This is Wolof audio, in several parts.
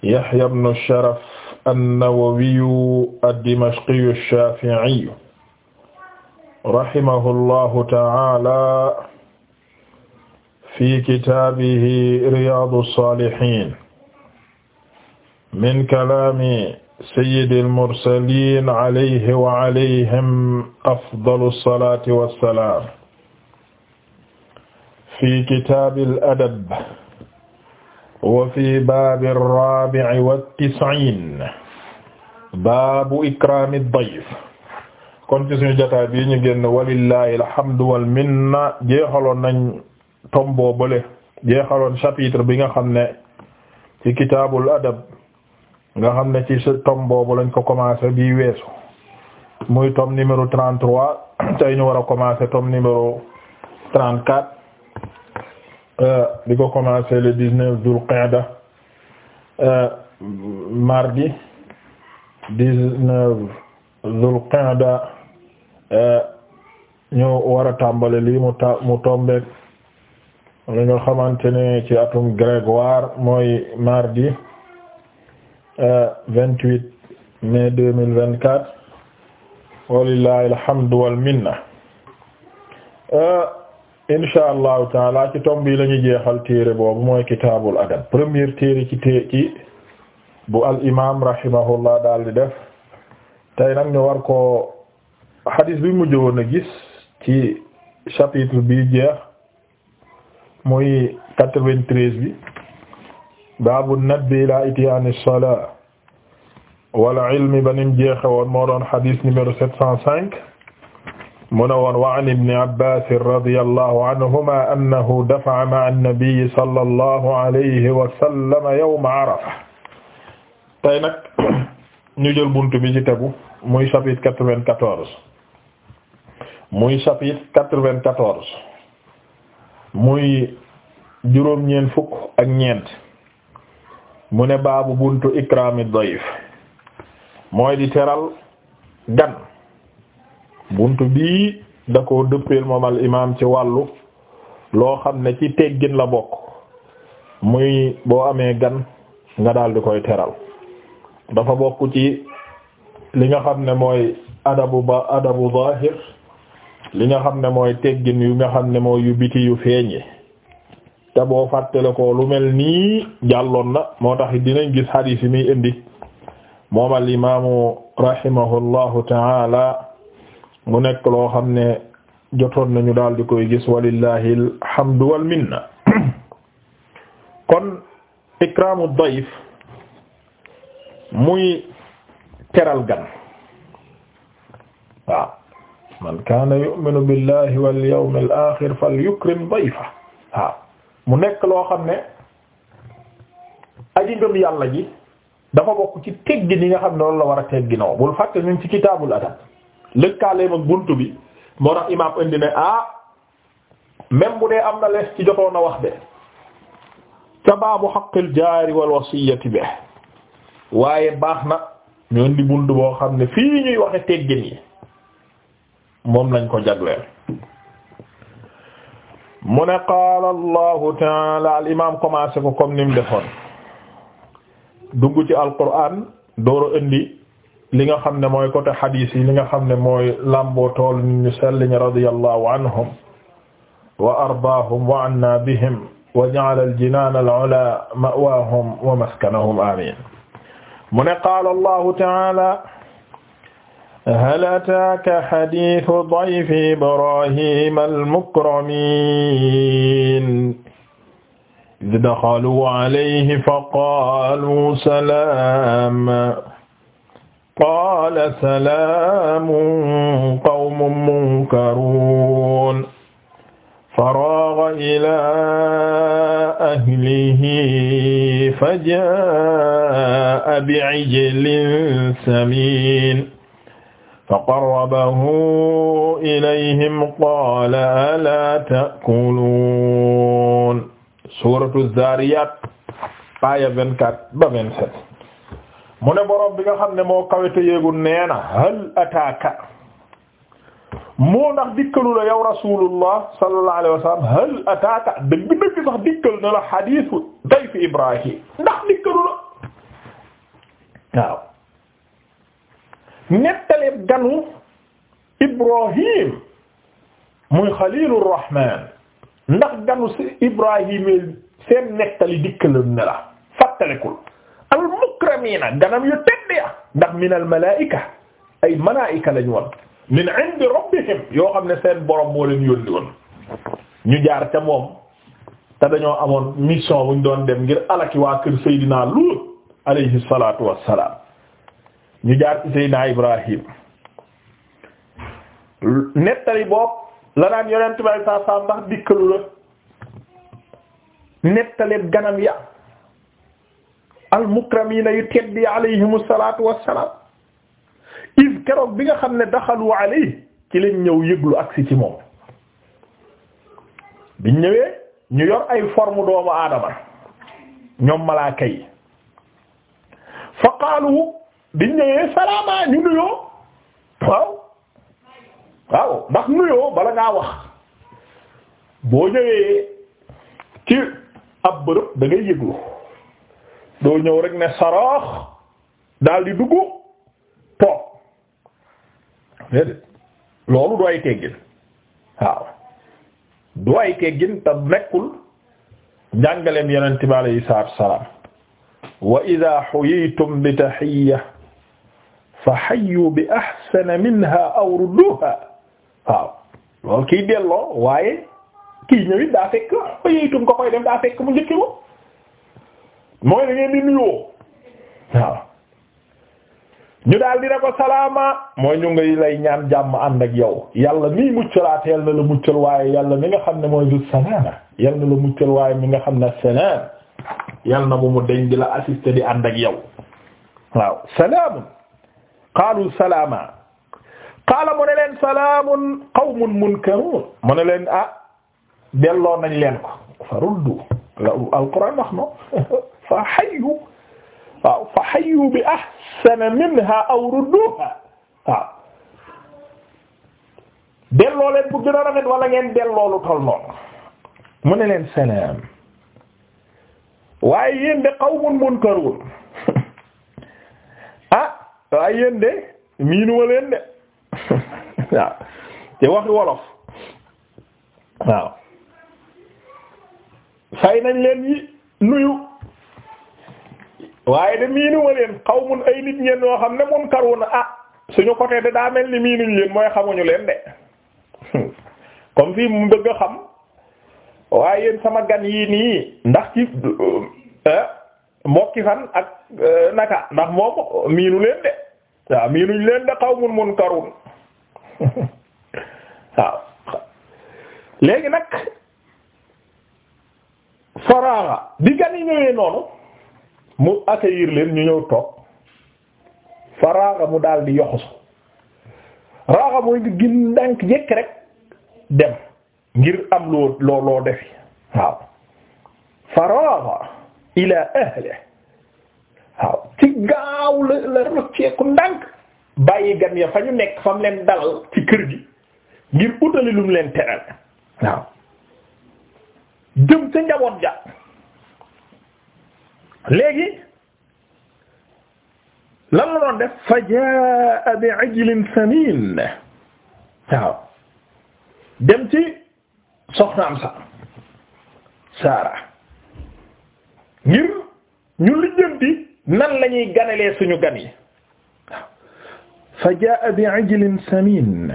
Yahya ibnu Sharaf an-Nawawiyu ad-Dimashqiyu ash-Shafi'iyu rahimahullahu ta'ala fi kitaabihi Riyaadu s-Saalihiin min kalaami sayyidil mursaliin alayhi wa alayhim afdalu s-salaati wa s-salaam fi kitaabil adab wa fi baabi raabi'i wa tis'iin baabu ikraami dayf kon ci suñu jotaay bii ñu génn walillahi alhamdu wal minna jeexaloon nañ tombo bële jeexaloon chapitre bi nga xam ne ci kitaabul adab nga xam ne ci tombo bu lañ ko commencé bii weesu muy tom numéro 33 tey ñu war a commencé tom numéro 34. Euh, di ko commencer le 19 Dhoul Qi'dah euh, mardi 19 Dhoul Qi'dah euh, ñu war a tàmbali mu ta li nga xamante ne ci atum grégoire mooy mardi 28 mai 2024 walillahi alhamdu wal minna insha allahu taala ci tomb bi la ñu jeexal téere boobu mooy kitaabul adab première téere ci té ci bu al imaam rahimahullah daal di def tey nag ñu war koo xadis bi mujj woon gis ci chapitre bi jeex muy quatre-vingt-treize bi baabu nadbi ila ba salaa jeexe woon moo doon xadis numéro sept cent mu ne woon wa an ibni abbas radiyallahu anhuma annahu dafa'a ma'a an-nabi sallallahu wa sallam yawma arafa tey nag ñu jël buntu bi ci tegu muy chapitre quatre-vingt-quatorze muy chapitre quatre-vingt-quatorze muy juróom-ñeent fukk ak ñeent mu ne baabu buntu ikraami dayif mooy di teral gan buntu bii da ko dëppeel moom al ci wàllu loo xam ne ci teggin la bokk muy boo amee gan nga daal di koy teral dafa bokk ci li nga xam ne mooy adabu ba adabu zahir li nga xam ne mooy teggin yu nga xam ne mooy yu biti yu feeñe te boo fàttale ko lu mel nii jàlloon na moo tax dinañ gis xadiis yi muy indi moom al rahimahullahu taala mu nekk loo xam ne jotoon nañu daal di koy gis walillahi alhamdu wal kon ikramu dayif muy teral gan waaw man kaana yu'minu billahi wal yawmil aaxir falyukrim dayfa waaw mu nekk loo xam ne aji ngëm yàlla ji dafa bokk ci teggi ni nga xam ne loolu la war a tegginoo bul fàtte ñu ci kitaabul adab lëkkaaleem ak bunt bi moo tax imaam indi ne ah même bu dee am na lees ci jotoon a wax de ca baabu xaqil jaari wal wasiyati be waaye baax na ñu indi bunt boo xam ne fii ñuy waxe teggin yi moom lañ ko jagleel mu ne qaala allahu taala al imam commencé ko comme ni defoon dugg ci alquran dooro indi li nga xam ne mooy côté xadiis yi li nga xam ne mooy làmboo tool nit ñu selliñ radiyallahu anhum wa ardaahum wa anna bihim wa ja'ala al-jinaan al-'ulaa ma'waahum wa maskanahum amiin mu ne qaala allahu ta'aala hal ataaka xadiisu dayfi ibraahiima al-mukramiin idh daxaluu alayhi faqaaluu salaama qaala salaamun qawmun munkaruun faraaga ilaa ahlihi fajaa'a bi'ijlin samiin faqarrabahu ilayhim qaala alaa ta'kuluun suuratu zaariyaat aaya 24 ba 27 mu ne borom bi nga xam ne moo kawe te yéegul nee na hal ataaka moo ndax dikkalu la yow rasulullah sallallahu alayhi wa sallam hal ataaka dëgg dëgg sax dikkal na la xadiisu dayf ibrahim ndax dikkalu la waaw nettaleeb ganu ibrahim muy xalilu rahman ndax ganu si ibrahim seen nettali dikkalu na la fàttalekul mukramiina ganam yu tedd ya ndax minal malaa'ika ay malaa'ika lañu min indi rabbihim yoo xam ne seen borom moo leen yónni woon ñu jaar ca moom te dañoo amoon mission wuñ doon dem ngir alaki waa kër Seydina Luut alayhi salaatu wassalaam ñu jaar ci Seydina Ibrahim nettali boobu la daan yonent bay saa saa ndax dikkalu la nettaleeb ganam ya almukramiina yu teddi alayhimu salaatu wassalaam iz keroog bi nga xam ne daxalu alayhi ci leen ñëw yëglu agsi ci moom biñ ñëwee ñu yor ay forme doomu aadama ñoom malaaka yi fa qaalu biñ ñëwee salaamaa ñu nuyoo waaw waaw ndax nuyoo bala ngaa wax boo ñëwee ci ab bërëb dangay ngay yëglu doo ñëw rek ne saraax daal di dugg toog déedéet loolu du ay teggin waaw du teggin te nekkul njàngaleem yonent bi alayhi salaatu wassalaam wa idha huyitum bi tahiyya fa hayyu bi ahsana minha aw rudduha waaw loolu kiy delloo waaye kiy ñëwit daa fekk huyitum ko koy dem daa fekk mu njëkki moom mooy da ngeen di nuyoo waaw ñu daal di ko salaama mooy ñu ngi lay ñaan jàmm ànd ak yow yàlla mii muccalaat yal na la muccal waaye yàlla mi nga xam ne mooy du salaama yal na la muccal waaye mi nga xam ne salaam yal na bu mu deñ di la assister di ànd ak yow waaw salaamun qaalu salaama qaala mu ne leen salaamun qawmun munkaruun mu ne leen ah delloo nañ leen ko faruddu la alquran wax no fa hayyu waaw fa hayyu bi ahsana minha aw rudduha waaw delloo leen bu gën a rafet wala ngeen delloo lu toll noonu mu ne leen salaam waaye yéen de qawmun munkarun ah waaye yéen de miinu wa leen de waaw te waxi wolof waaw fay nañ leen yi nuyu waaye de miinuma leen qawmun ay nit ñeen yoo xam ne munkaruna ah suñu côté de daa mel ni miinuñu leen mooy xamuñu leen de comme fii mu bëgg a xam waaye yéen sama gan yii nii ndax ci euh, ah, mbokki fan ak euh, naka ndax moom miinu leen de waaw miinuñu leen de qawmun munkarun waaw léegi nag faraaxa bi gan yi ñëwee noonu mu accueillir leen ñu ñëw toog fa raaxa mu daldi di yoxusu raaxa mooy di gin ndànk jekk rek dem ngir am loo loo loo defi waaw fa raaxa ila ahli waaw ci gaaw la la rocceeku ndànk bàyyi gan ya fa ñu nekk fa mu leen dalal ci kër gi ngir utali lu mu leen teral waaw jëm ca njaboot ja léegi lan la doon def fa jaa bi ajlin samin waaw dem ci soxnaam sa saara ngir ñu lijjanti nan la ganalee suñu gan yi fa jaa bi ajlin samin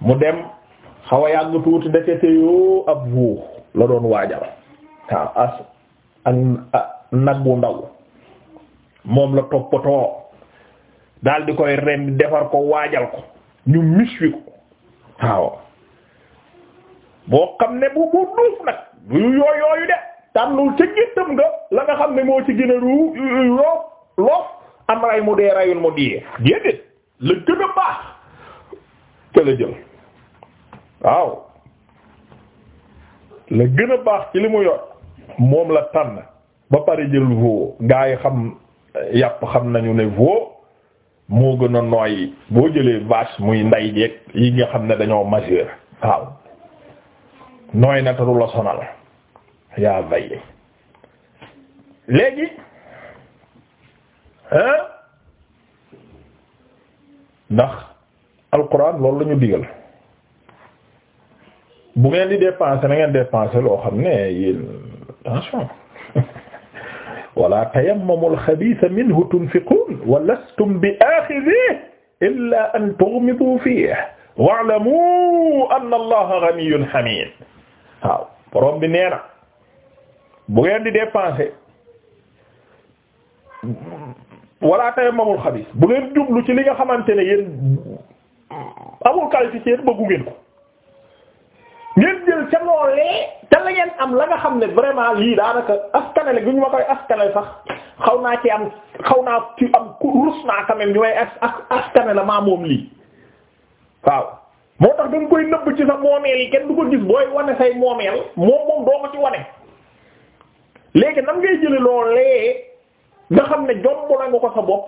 mu dem xaw a yàgg tuuti ndekete yoo ab wuu la doon waajal waaw as ak nag wu ndaw moom la toppatoo daal di koy rem defar ko waajal ko ñu miswi ko waaw boo xam ne bu bu duuf nag bu yooyu yooyu de tànnul ca géttam nga la nga xam ne moo ci gën a ruu loof loof am ray dee rayul mu diyee déedéet la gën a baax ca jël waaw la gën a baax ci li mu yor moom la tànn ba pare jël veau gaa yi xam yàpp xam nañu ne veau moo gën a nooy boo jëlee vache muy nday jeeg yi nga xam ne dañoo majeur waaw nooy na taru la sonal yaa vaye léegi hein ndax alquran loolu lañu ñu digal bu ngeen di dépenser na ngeen dépenser loo xam ne yéen attention wala tayammamu al-xabiisa minhu tunfiquun wa lastum bi-aaxiziihi illaa an tughmituu fiihi wa'lamuu anna Allaha ghaniyyun hamiid waaw borom bi nee na bu ngeen di dépenser wala tayammamu al-xabiisa bu ngeen jublu ci li nga xamante ne yéen amul qualifié yéen bëggu ngeen ko. ngeen jël ca loolee te la ngeen am la nga xam ne vraiment lii daanaka askanale gi ñu ma koy askanale sax xaw naa ci am xaw naa ci am rus naa quand même ñu may askanale maa moom lii waaw moo tax da koy nëbb ci sa moomeel yi kenn du ko gis booy wane say moomeel moom moom doo ko ci wane léegi nam ngay jële loolee nga xam ne jomb la nga ko sa bopp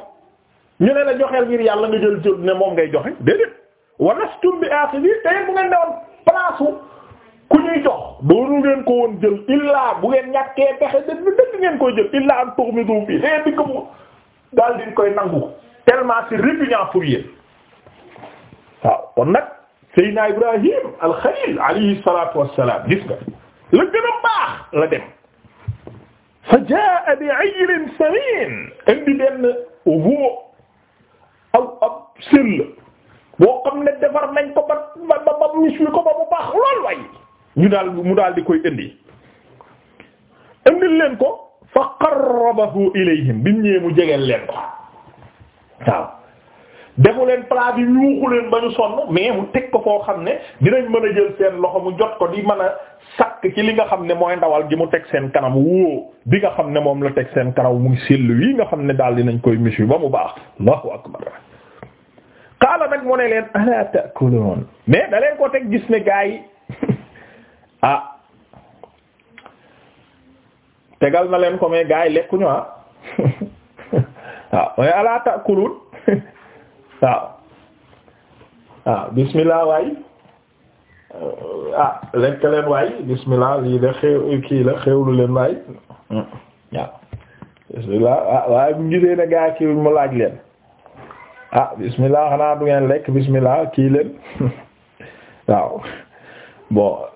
ñu ne la joxeel ngir yàlla nga jël jël ne moom ngay joxe déedéet walastum bi aati bi te bu ngeen ku ñuy jox doonu ngeen ko woon jël illaa bu ngeen ñàkkee pexe dëgg dëgg ngeen koy jël illaa am toog mi doom bi xëy na mu daal di koy nangu tellement c'est répugnant pour yéen waaw kon nag Seydina Ibrahim al-Khalil alayhi salaatu wassalaam gis nga la gën a baax la dem. fa jaa bi ayrin samin indi benn voo aw ab sël boo xam ne defar nañ ko ba ba ba mu ko ba bu baax lool waaye. ñu daal mu daal di koy indi indil leen ko fa qarrabahu ilayhim bi ñëwee mu jegeel leen ko waaw defu leen plat bi yuuxu leen ba ñu sonn mais mu teg ko foo xam ne dinañ mën a jël seen loxo mu jot ko di mën a sakk ci li nga xam ne mooy ndawal gi mu teg seen kanam woo bi nga xam ne moom la teg seen karaw muy sellu yi nga xam ne daal nañ koy mis ba mu baax allahu akbar qaala nag mu ne leen ala ta'kulun mais da ko teg gis ne gaay ah tegal na leen ko mais gars yi lekkuñu ah waaw ah, mais ala ta'kulun waaw ah. waaw ah, bismillah waay ah lekk leen waay bismillah lii de xew kii la xewlu leen waay waaw hmm. bismillah ah waaye bu gisee ne gars yi mu laaj leen ah bismillah xanaa du ngeen lekk bismillah kii leen waaw bon.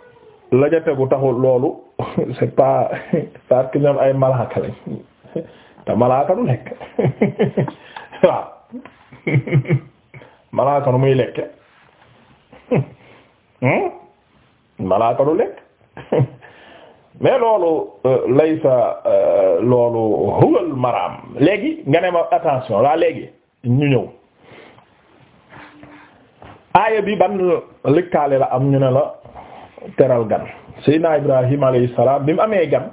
la ja bu taxul loolu c'est pas parce que ñoom ay malaaka lañ lekk waaw muy lekk malaaka du lekk hmm? mais loolu euh, laysa euh, loolu maraam léegi nga ne ma attention laa léegi ñu ñëw aaya bi ban lëkkaale la am ñu ne la teral gan Seydina Ibrahim alayhi salaam bi mu amee gan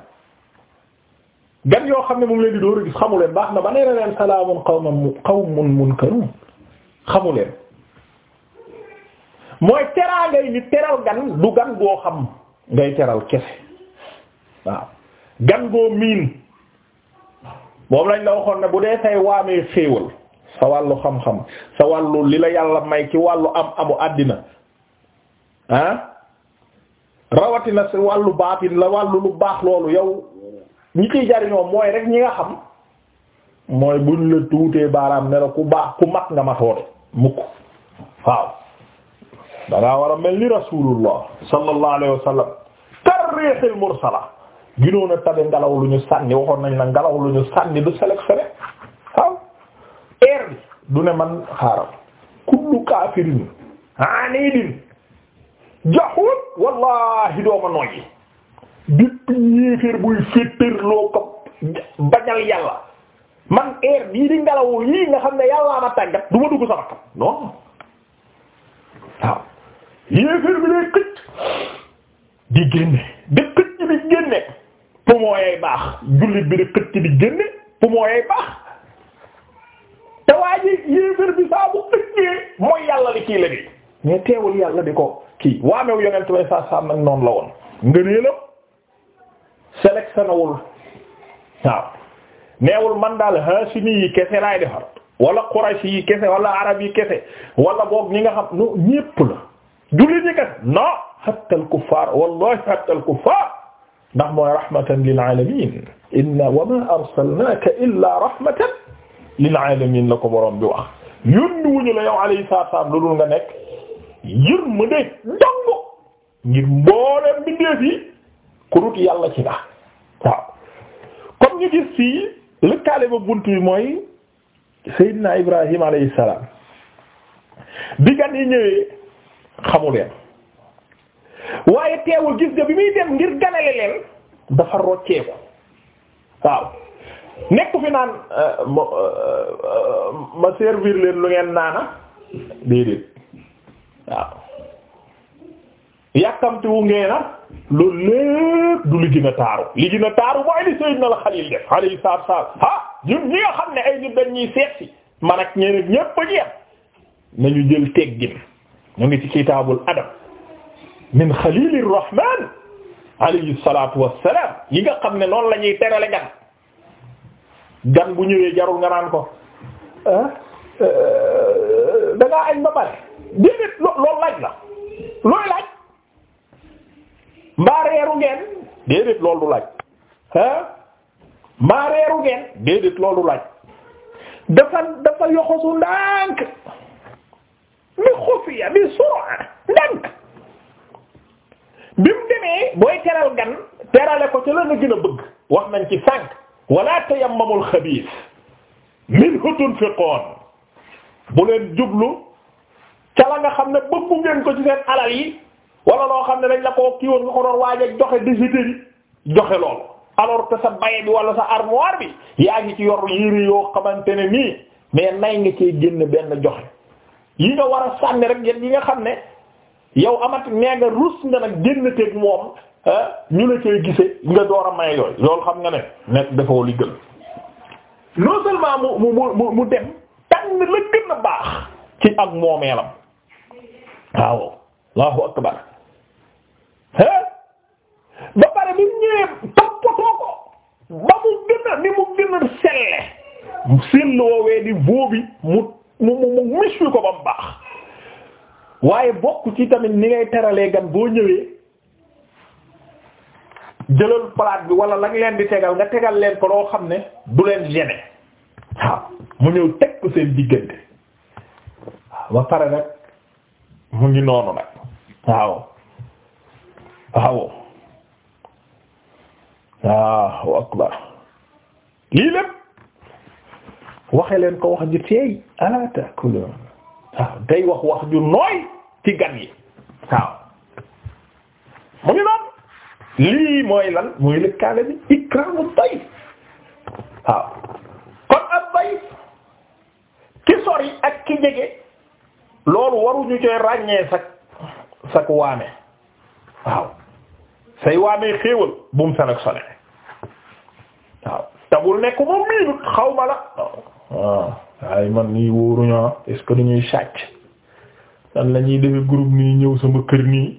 gan yoo xam ne moom leen di door a gis xamu leen baax na ba nee na leen salaamun qawmun qawmun munkarun xamu mooy teraa ngay ni teral gan du gan goo xam ngay teral kese waaw gan goo miin moom lañ la waxoon ne bu dee say waamee xéewal sa wàllu xam-xam sa wàllu li la yàlla may ci wàllu am amu àddina ah rawatina si wàllu baatin la wàllu lu baax loolu yow ñi ciy jariñoo mooy rek ñi nga xam mooy buñ la tuutee baaraam ne la ku baax ku mat nga matoote mukk waaw dangaa war a mel ni rasulullah sallallahu alayhi wa sallam tarrihil mursala ginoon a tabe ngelaw lu ñu sànni waxoon nañ la ngelaw lu ñu sànni du sélectionné waaw air bi du ne man xaaral kullu kaafirin anidin jaxut wallahi dooma nooyi bépp yéeféer buy féttéer loo ko bañal yàlla man air bii di ngelaw yii nga xam ne yàllaa ma tàggat du ma dugg sama kam non waaw yéeféer bi lay këcc di génne di këcc di génne poumon yay baax jullit bi di këcc di génne poumon yay baax te waa ji yéeféer bi saa bu mooy yàlla li kii la bi mais teewul yàlla di ko kii waamew yonent bay saa saam nag noonu la woon ngëneelam sélectionné wul waaw neewul man daal Haashimi yi kese laay defar wala Quraysh yi kese wala arab yi nga xam nu ñépp la jullit ñi kese non hatta al kuffar wallahi hatta al kuffar ndax mooy rahmatan lil alamin inna wa ma arsalnaka illa rahmatan lil alamin la ko borom bi wax yónni wuñu la yow alayhi salaam lu dul nga nekk yërmande dong ngir mbooleem bindeef yi ku dut yàlla ci la waaw comme ñu gis fii lëkkaale ba bunt bi mooy Seydina Ibrahim alayhi salaam bi gan yi ñëwee xamu leen waaye teewul gis nga bi muy dem ngir ganale leen dafa rocceeku waaw nekku fi naan euh, euh, euh, ma servir leen lu ngeen naana déedéet waaw yàkkamtiwu ngeena loolu lépp du li gën a taaru li gën a taaru mooy li Sayyidna al-Xaliil def alayhi salaatu salaam ah ñun ñi nga xam ne ay nit dañ ñuy seet si man ak ñeneen ñépp a jeex nañu jël teggin ñu ngi ci kitaabul adab min xaliilir rahmaan alayhi salaatu wassalaam yi nga xam ne noonu lañuy ñuy terale gan gan bu ñëwee jarul nga naan ko ah, euh, da ngaa añ ba déedéet loolu laaj la looy laaj mbaa reeru ngeen déedéet loolu laaj ah mbaa reeru ngeen déedéet loolu du laaj dafa dafa yoxosu ndànk mi xufiya bi sura ndànk bi mu demee booy teral gan terale ko ci la nga gën a bëgg wax nañ ci sànq wala tayammamul xabiis minhu tunfiqoon bu leen jublu ca la nga xam ne bëggu ngeen ko ci seen alal yi wala loo xam ne dañ la koo kii woon nga ko doon waaj a joxe désidéri joxe loolu alors que sa baye bi wala sa armoire bi yaa ngi ci yor yiri yoo xamante ne nii mais nay nga cee génn benn joxe yi nga war a sànni rek yéen yi nga xam ne yow amat nee nga rus nga nag génn teeg moom ah, ñu la cee gise nga door a may yooyu loolu xam nga ne nekk defoo li gën non seulement mu mu mu mu dem tànn la gën a baax ci ak moomeelam waaw allahu akbar ba pare bi ñëwee toppatoo ko ba mu gën ni mu gën a selle sell woowee di vóobi mu mu mu mu mis ko ba mu baax waaye bokk ci tamit ni ngay teralee gan boo ñëwee jëlal palaat bi wala lañ leen di tegal nga tegal leen ko loo xam ne du leen gêner waaw mu ñëw teg ko seen diggante ba pare nag mu ngi noonu nag waaw waaw waaw akbar lii lépp waxe leen ko wax ju teey ala taakuluun waaw day wax wax ju nooy ci gan yi waaw noonu lii mooy lan mooy lëkkaale bi ikraamu bay kon ab bay ki sori ak ki jege loolu waruñu cee ràññee sak sak waame waaw say waamee xéewal bu mu sélectionné waaw tabul nekk moom mii xaw ma la waaw waaye man nii wóoruñu est-ce que dañuy sàcc dan la ñuy defe groupe nii ñëw sama kër nii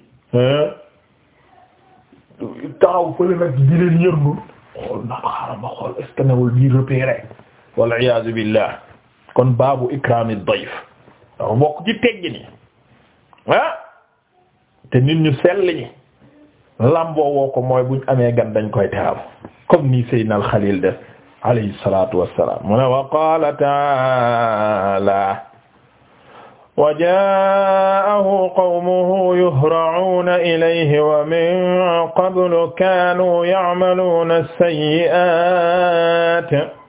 taxaw fële nag di leen yërnul xool na xaaral ma xool est-ce newul di repérer wal iyaazu billah kon baabu ikraami dayf dafa bokk ci teggi ni ah te nit ñu sell ñi lamboo woo ko mooy buñ amee gan dañ koy teral comme nii Seydina al Xaliil def alayhi salaatu wassalaam mu ne wa qaala ta'aala wa jaa'ahu qawmuhu yuhra'uuna ilayhi wa min qablu kaanuu ya'maluuna as-sayyi'aat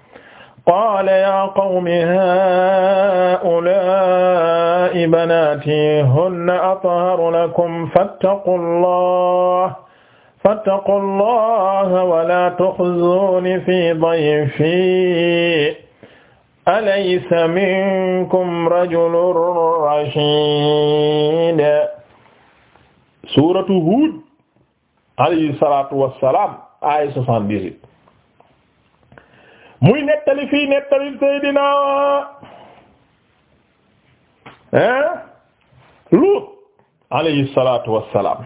qaala yaa qawmi haa'ulaa'i banaatii hunna atharu lakum fattaqullaah fattaqullaah wa laa tukhzuunii fii dayfii alaysa minkum rajulun rashiid. suuratu Huud alayhi salaatu wa salaam aaya 78 muy nettali fii nettali Seydina hein Luut alayhi salaatu wassalaam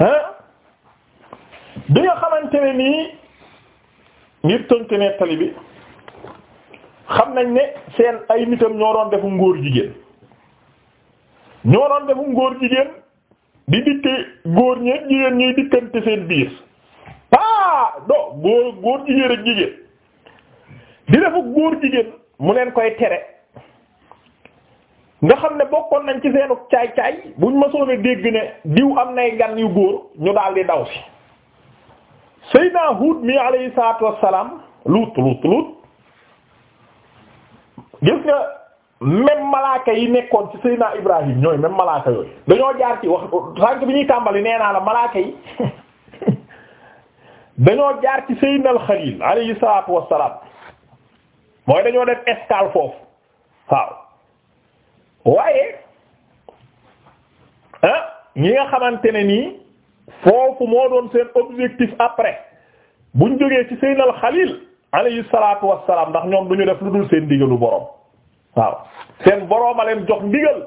hein bi nga xamante ni ngir tënk nettali bi xam nañ ni seen ay nitam ñoo doon defu ngóor jigéen ñoo doon defu ngóor jigéen di dikke góor ñeek jigéen ñuy dikkante seen biir ah do góor góor jigéen ak jigéen di defu góor jigéen mu leen koy tere nga xam ne bokkoon nañ ci seenu caay caay buñ mësoon a dégg ne diw am nay gan yu góor ñu daal di daw si Seydina Hud mi alayhi salaatu wassalaam Lut Lut Lut gis nga même malaaka yi nekkoon ci Seydina Ibrahim ñooy même malaaka yooyu dañoo jaar ci wax sànq bi ñuy tàmbali nee naa la malaaka yi dañoo jaar ci Seydina al-Xaliil alayhi salaatu wassalaam mooy dañoo def escale foofu waaw waaye ah, ñi nga xamante ne nii foofu moo doon seen objectif après buñ jógee ci Seydina al-Xaliil alayhi salaatu salaam ndax ñoom duñu def lu dul seen ndigalu boroom waaw seen boroom jox ndigal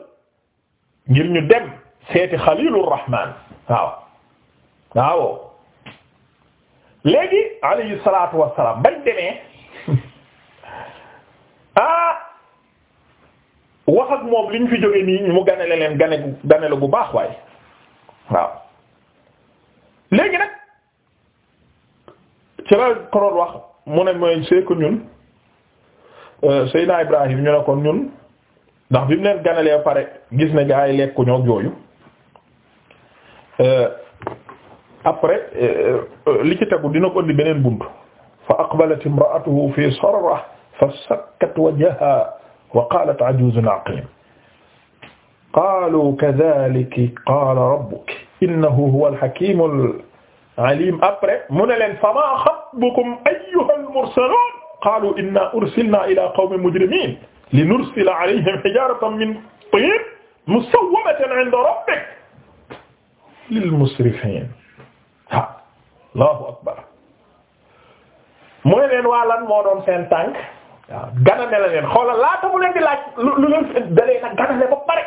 ngir ñu dem seeti Xaliilur Rahmaan waaw waaw léegi alayhi salaatu wassalaam bañ demee ah wax ak moom liñ fi jóge nii mu ganale leen gane gane la bu baax waaye waaw léegi nag ci la ko doon wax mu ne mooy c'est que ñun euh, Seydina Ibrahim ñu ne kon ñun ndax bi mu leen ganalee pare gis ne gaa yi lekkuñu ak yooyu euh, après euh, euh, li ci tegu dina ko indi beneen buntu fa aqbalat imra'atuhu fi sarra fa sakkat wajhaha wa qalat ajuzun aqim qaalu kadhalika qaala rabbuki innahu huwal hakimul alim après mu ne leen fa maa xatbukum ayyuhal mursalun qaalu inna ursilna ila qawmin mujrimin linursila alayhim hijaratan min tin musawwamatan 'inda rabbik lil musrifin allahu akbar mu ne leen waa moo doon seen tànk waaw ganane la leen xoolal laata mu leen di laaj lu leen dalee nag ganane ba pare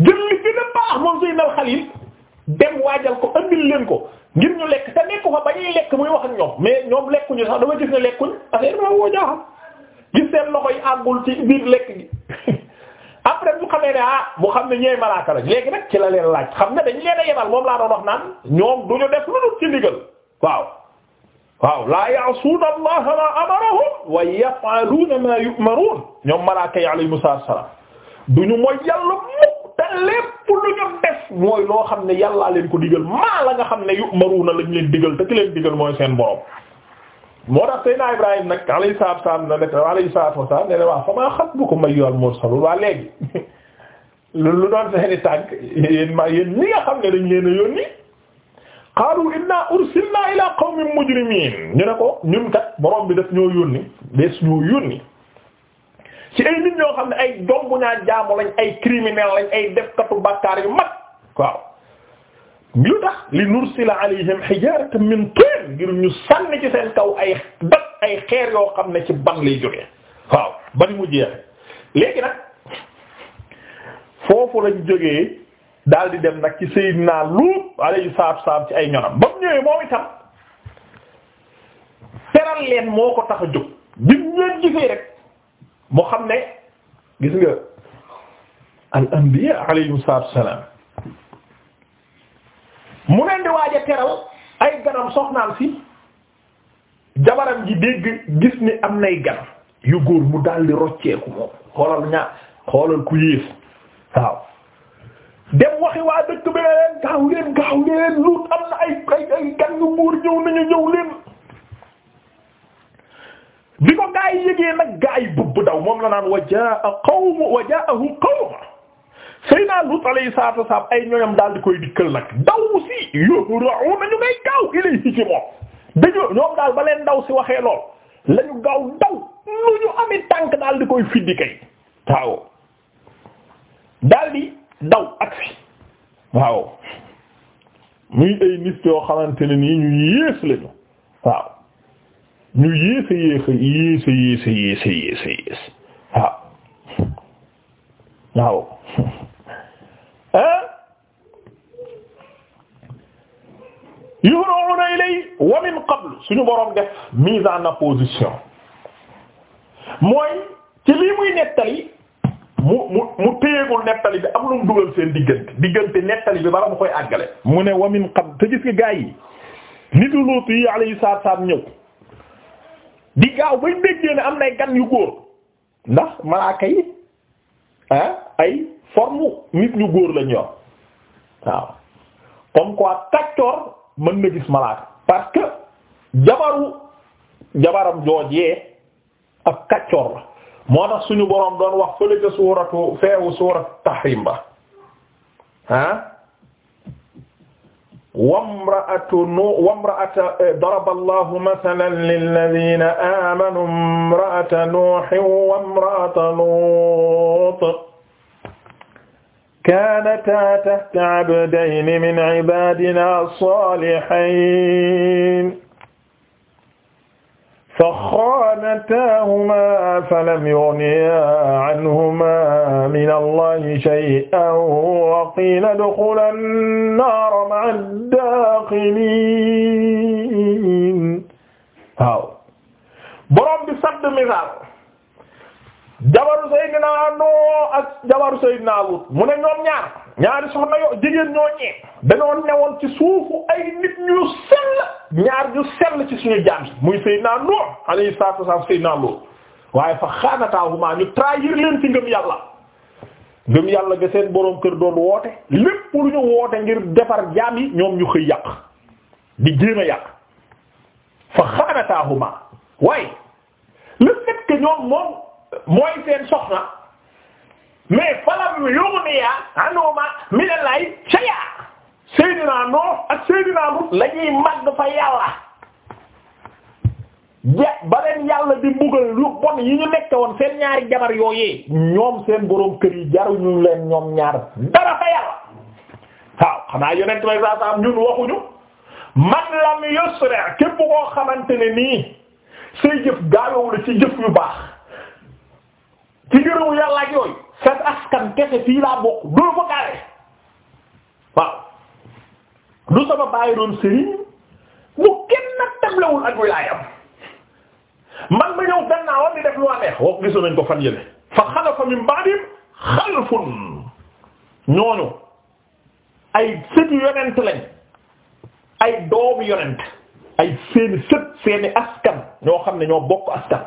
jël li gën a baax moom Seydina al Xaliil dem waajal ko andil leen ko ngir ñu lekk te nekk ko ba ñuy lekk muy wax ak ñoom mais ñoom lekkuñu sax dama gis ne lekkuñ affaire bi ma woo gis seen loxo yi àggul ci biir lekk gi après bu xamee ne ah mu xam ne ñooy malaaka la léegi nag ci la leen laaj xam ne dañ leen a yebal moom laa doon wax naan ñoom du ñu def lu dul ci ndigal waaw waaw laa ya'suuna allaha ma amarahum wa yaf'aluuna ma yu'maruun ñoom malaaka yi alayhimu salaam du ñu mooy yàlla mukk te lépp lu ñu def mooy loo xam ne yàllaa leen ko digal maa la nga xam ne yu'maruuna lañ leen digal te ki leen digal mooy seen borom moo tax Seydina Ibrahim nag alayhi salaatu wasalaam na ne alayhi salaatu wasalaam ne ne waa fa maa xatbukum ayyuhal mursaluun waa léegi lu lu doon seeni tànk yéen ma yéen ñi nga xam ne dañ leen a yónni qaalu inna ursilnaa ilaa qawmin mujrimiin ñu ne ko ñun kat borom bi daf ñoo yónni des ñoo yónni ci ay nit ñoo xam ne ay dombu ñaa jaamu lañ ay criminel lañ ay defkatu bàkkaar yu mag waaw lu tax li nursila alayhim hijaratan min tin ngir ñu sànni ci seen kaw ay dab ay xeer yoo xam ne ci ban lay jógee waaw bani mu jeexe léegi nag foofu lañ jóge daal di dem nag ci Seydina Luut alayhi salaatu salaam ci ay ñonam ba mu ñëwee moom itam teral leen moo ko tax a jóg bi mu gisee rek mu xam ne gis nga al anbiya salaam mu leen di waaj a teral ay ganam soxnaal si jabaram ji dégg gis ni am nay ganam yu góor mu daldi rocceeku moom xoolal ñaa xoolal ku yées waaw dem waxi waa dëkk bi leen leen gaaw leen luut am na ay ay gan yu buur ñëw nañu ñëw leen bi ko gaa yi nag gaa yi daw moom la naan wajaa qawm wajaa'ahu qawma Seyna Lut alayhi salaatu wa ay ñoñam daal di koy dikkal nag daw si yuhra'una ñu ngay gaaw ilayhi ci dañoo ñoom daal ba leen daw si waxee lool la gaaw daw lu ñu ami tànk daal di koy fiddi kay waaw daal di daw aksi waaw muy ay nit yoo xamante ne nii ñu yées lañu waaw ñu yées a yées a yées waaw. yuhrauna ilay wa min qabl suñu boroom def mise en opposition mooy ci lii muy nettali mu mu mu téyeegul nettali bi am lu mu dugal seen diggante diggante nettali bi bala mu koy àggale mu ne wa min qabl te gis nga gaa yi nitu Luut yi alayhi salaatu salaam ñëw di gaaw bay déggee ne am nay gan yu góor ndax malaaka yi ah ay forme nit ñu góor lañuy yor waaw comme quoi kaccoor mën na gis malaaka parce que jabaru jabaram joojee ak kaccoor la moo tax suñu boroom doon wax fële ca suuratu feewu suuratu tahrim ba ah wamraatu nu wamraata daraba allahu masalan lilladina amanu mraata nuuhin wamraata luut kaanataa tahta abdayni min cibaadina saalihayn fa xaanataahumaa falam yughniyaa anhumaa mina Allaahi shay'an wa qiila udxulaa nnaara ma'a ddaaxiliin waaw borom bi sadd misaal jabaru Seydina Nuux ak jabaru Seydina Luut mu ne ñoom ñaar ñaari soxna yo jigéen ñoo ñee dañoo newoon ci suufu ay nit ñu sell ñaar ñu sell ci suñu jaam muy Seydina Nuh alayhi salaatu wa salaam Seydina Lut waaye fa xaanataahumaa ñu trahir leen ci ngëm yàlla ngëm yàlla ga seen boroom kër doon woote lépp lu ñu woote ngir defar jaam yi ñoom ñu xëy yàq di jéem a yàq fa xaanataahumaa waaye le fait ñoom moom mooy seen soxna mais falam yughniya anuma minallahi shay'a Seydina Nuux ak Seydina Lut la ñuy fa yàlla ba leen yàlla di mbugal yu bon yi ñu nekk woon seen ñaari jabar yooyee ñoom seen boroom kër yi jaruñu leen ñoom ñaar dara fa yàlla waaw xanaa yonent may saa saa ñun waxuñu man lam yusri képp koo xamante ne nii say jëf gaayow la ci jëf yu baax ci ngërëmu yàlla ak yooyu seen askan kese fii laa bokk doo fa gaare waaw du sama bàyyi doon sëriñ mu kenn nag tablewul ak wilaayam man ma ñëw gannaawam di def lu ma wax gisoon nañ ko fan yële fa xalafa min ba'dihim xalfun ñooñu ay sëtu yonent lañ ay doomu yonent ay seeni sët seeni askan ñoo xam ne ñoo bokk askan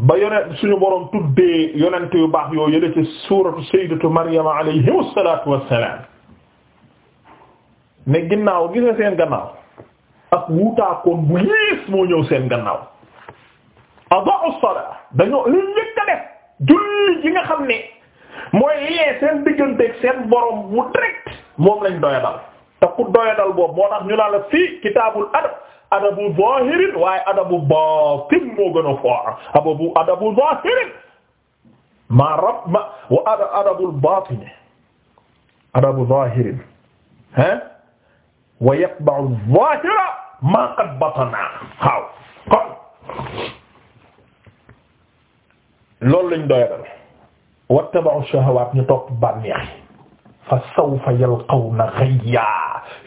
ba yonent suñu borom tuddee yonent yu baax yoo yële ci suuratu sayyidatu Maryama alayhimu salaatu wassalaam ne ginnaaw gise seen gannaaw ak wuutaakoon bu yées moo ñëw seen gannaaw adaa'u salaa dañoo li njëkk a def julli nga xam ne mooy liyee seen digganteeg seen borom bu direct moom lañ doyadal te ku doyadal boobu moo tax ñu la la fii kitaabul adab adabu zahirin waaye adabu batin moo gën a fort adabu adabu zahirin ma rab ma wa adabu batin adabu zahirin ah wa yatba'u zahira ma qad batana waaw kon loolu lañ doyal wattaba'u shahawat ñu topp bànneex fa sawfa yalqawna ghayya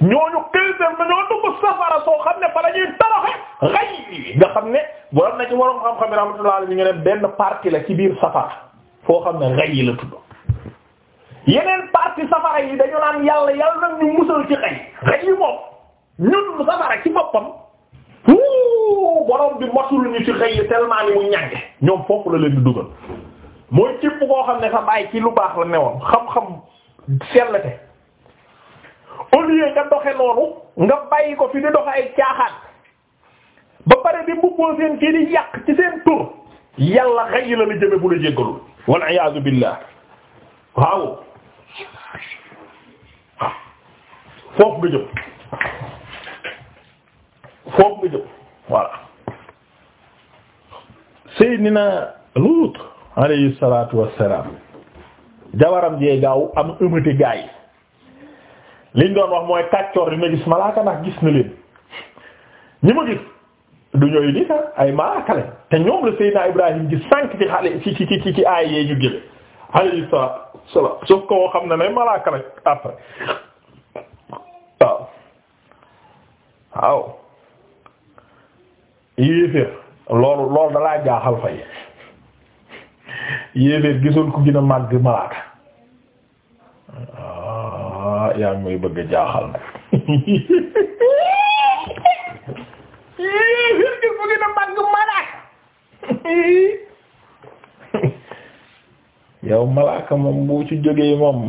ñooñu kéeféer ma ñoo dugg safara soo xam ne fa la ñuy nga xam ne borom na ci waroom xam-xam yi rahmatullah ñu ngi ne benn partie la ci biir safara foo xam ne ghayyi la tudd yeneen partie safara yi dañu naan yàlla yàlla nag ñu musal ci ghayyi ghayyi moom ñun safara ci boppam wuu borom bi masul ñu ci ghayyi tellement ni mu ñànge ñoom foofu la leen di dugal mooy képp xam ne sa baay ci lu baax la newoon xam-xam sellte au lieu nga doxe noonu nga bàyyi ko fi di doxe ay caaxaan ba pare di mbubboo seen kii di yàq ci seen tur yàlla xëy la la jëme bu la jéggalul wal iyaazu billah waaw foofu nga jëm foofu nga jëm voilà Seydina Luut alayhi salaatu wassalaam jawaram jee gaaw am ëmmëte gaa liñ doon wax mooy kàccoor li ma gis malaaka ndax gis na leen ñi ma gis du ñooy nit ay malaaka te ñoom la Seydina Ibrahim gi sànk ci xale ci ci aay yee ñu gële alayhi salaam sauf ko xam ne ne malaaka lañ après waaw waaw yéeféer loolu loolu dalaa jaaxal fay yéeféer gisoon ku gën a màgg malaaka ah, yaa ngi bëgg jaaxal nag yéeféer gis ku gën a màgg malaaka yow malaaka moom bu ci jógee moom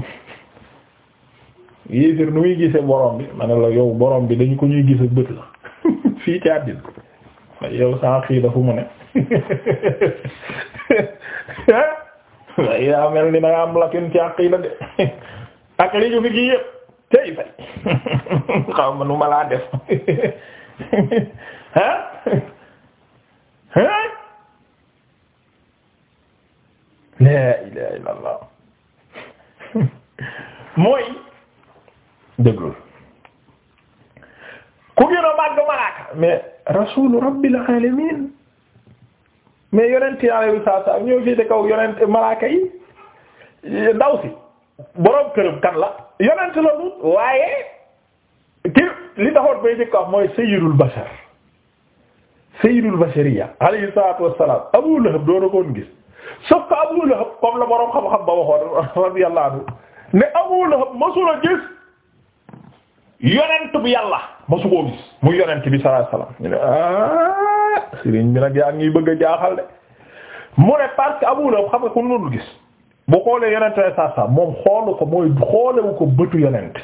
yéeféer nu muy gisee borom bi ma la yow borom bi dañu ko ñuy gisa bët la fii ci àddina yow sànq yi dafa mu ne waaye yaa mel ni da nga am lakin ci aqida de ak li ñu fi kii yëpp tey fay xaw ma nu ma laa def ah la ilaha illallah mooy ku gën a màgg malaaka mais rasulu rabbil alamin mais yonent yàlla yu saa saa ñoo féete kaw yonent malaaka ndaw si boroom këram kan la yonent la dut waaye ki li taxoon bay jëkk wax mooy sayyidul bashar sayyidul bashariya alayhi salaatu wassalaam Abu Lahab doona koon gis sauf que Abu Lahab comme la boroom xam-xam ba waxoon radiyallahu anhu ne Abu Lahab masula gis yonent bi yàlla masu koo gis muy yonent bi sallallahu alayhi sëriñ bi nag yaa ngi bëgg a jaaxal de mu ne parce Abu Lahab xam nga ku nunul gis bu xoolee yonent lay saa saa moom xoolu ko mooy xoolewu ko bëtu yonent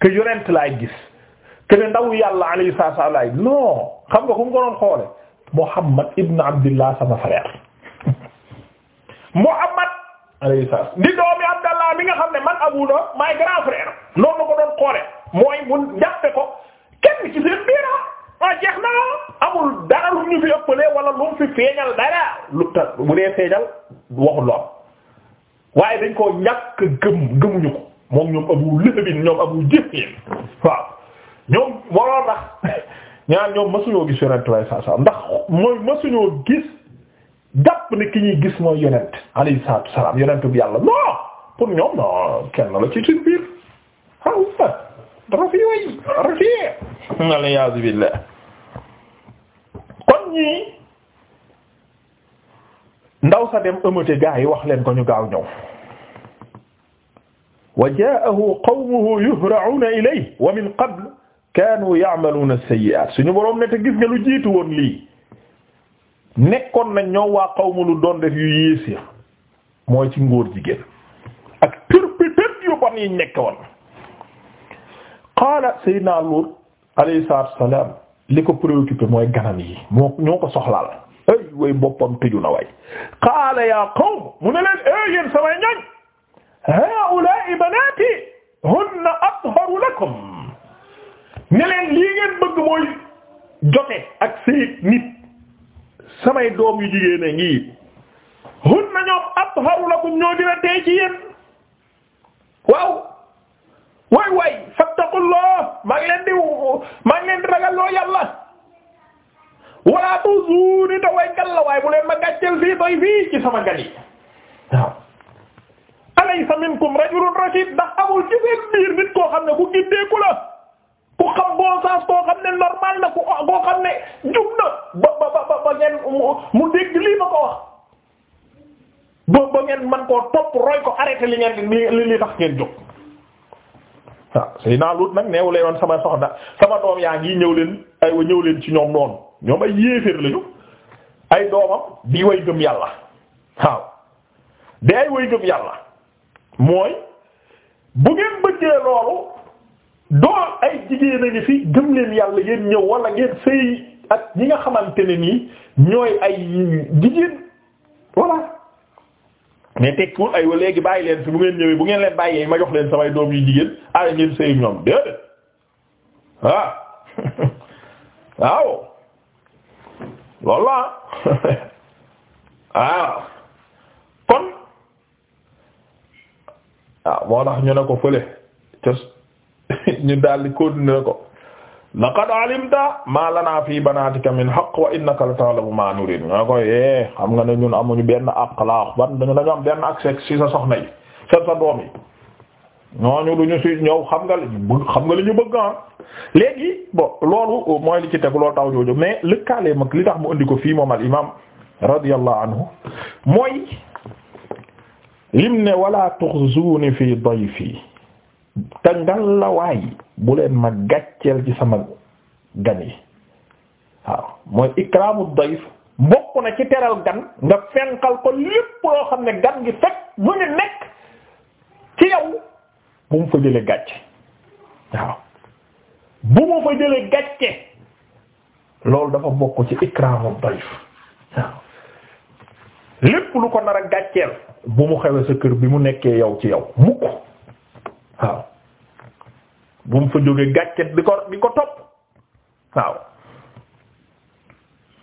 que yonent laay gis que ndaw yàlla alayhi saa saa laay non xam nga ku mu ko doon xoole Muhammad ibn Abdillah sama frère Muhammad alayhi saa di doomi Abdallah mi nga xam ne man Abu Lahab maay grand frère noonu ko doon xoole mooy bu jàppe ko kenn ci seen biira waa ah, jeex na amul dara lu ñu fi ëppalee wala lu mu fi feeñal dara lu ta bu dee feeñal waxul lu waaye dañ koo ñàkk gëm gëmuñu ko moom ñoom abu lëbin ñoom abu jëfin waaw ñoom waroon ndax ñaan ñoom mësuñoo gis yonent lay saa saa ndax mooy mësuñoo gis jàpp ne ki ñuy gis mooy yonent alayhi salaatu salaam yonent yàlla non pour ñoom non kenn la ci suñ biir waaw rafi way rafi aliyasu billah kon ñii ndaw sa dem ëmate gaa yi wax leen ko ñu gaaw ñëw wa jaahu qawmuhu yuhra'una ilayhi wa min qabl kaanu ya'maluna as-sayyi'at suñu ne te gis nga lu jiitu woon lii nekkoon nañ ñoo waa qawmu lu doon def yu yées mooy ci ngóor jigéen ak tër bi yu bon yi nekk woon qaala Seydina Luut alayhi salaam li ko préoccupé mooy ganam yi moo ñoo ko soxlaal ay way boppam tëju na waay qaala yaa qawm mu ne leen e yéen samay ñoñ haa'ulaa'i banaati hunna atharu lakum ne leen lii ngeen bëgg mooy jote ak sëy nit samay doom yu jigéen a ngi hunna ñoom atharu lakum ñoo dina tey ci yéen waaw waay waay fattaqullah maa ngi leen maa ngi leen di ragal loo yàlla wala tuzuni ta way galla waay bu leen ma gàcceel fii doy fii ci sama gan yi waaw alaysa minkum rajulun rashid ndax amul ci seen biir nit koo xam ne ku giddeeku la ku xam bon sens koo ne normal na ku ah, koo xam ne jub na ba ba ba ba ngeen mu dégg lii ma ko wax ba ba ngeen man koo topp roy ko arrêté li ngeen li li tax ngeen waaw Seydina Lut nag neewu leen woon sama soxna sama doom yaa ngi ñëw leen ay wa ñëw leen ci ñoom noonu ñoom ay yéeféer lañu ay doomam di way gëm yàlla waaw di ay way gëm yàlla mooy bu ngeen bëggee loolu doo ay jigéen ngi fi gëm leen yàlla ngeen ñëw wala ngeen sëy ak ñi nga xamante ne nii ñooy ay jigéen voilà mais tekkiwul ay wa léegi bàyyi leen bu ngeen ñëwee bu ngeen leen bàyyee ma jox leen samay doom yu jigéen aaya ngeen sëy ñoom déedéet ah waaw loolu la waaw kon waaw ah, moo tax ñu ne ko fële cos ñu daldi continuer ko laqad alimta ma lana fi banatika min haqq wa innaka la ta'lamu ma nurid nga koy ee eh, xam nga ne ñun amuñu benn àq laa wax ban dañu dañu am benn accès ci a soxna yi sa sa doom yi ñooñu du ñëw xam nga li ñu xam nga li ñu bëgg ah léegi loolu mooy li ci tegu loolu taw jooju mais lëkkaale mag li tax mu indi ko fii moom al imam radiyallahu anhu mooy lim ne wala tukhzuni fi dayfi te ngal la bu leen ma gàcceel ci sama gan yi waaw mooy ikraamu dayf bokk na ci teral gan nga fenkal ko lépp loo xam ne gan gi fekk mu ngi nekk ci yow bu mu fa jële gàcce waaw bu mu fa jële gàcce loolu dafa bokk ci ikraamu dayf waaw lépp lu ko nar a gàcceel bu mu xewee sa kër bi mu nekkee yow ci yow mukk waaw bu mu fa jógee gàccet di di ko topp waaw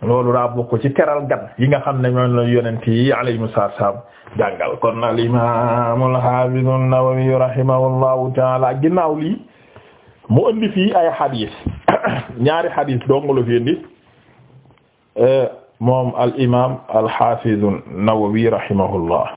loolu daa bokk ci teral gan yi nga xam ne ñoom la yonent yi alayhimu salaam jàngal kon al imaam al haafiz an-Nawawi rahimahullahu taala ginnaaw lii mu indi fii ay xadiis ñaari xadiis dong la fi indi eh, moom al imaam al haafiz an-Nawawi rahimahullah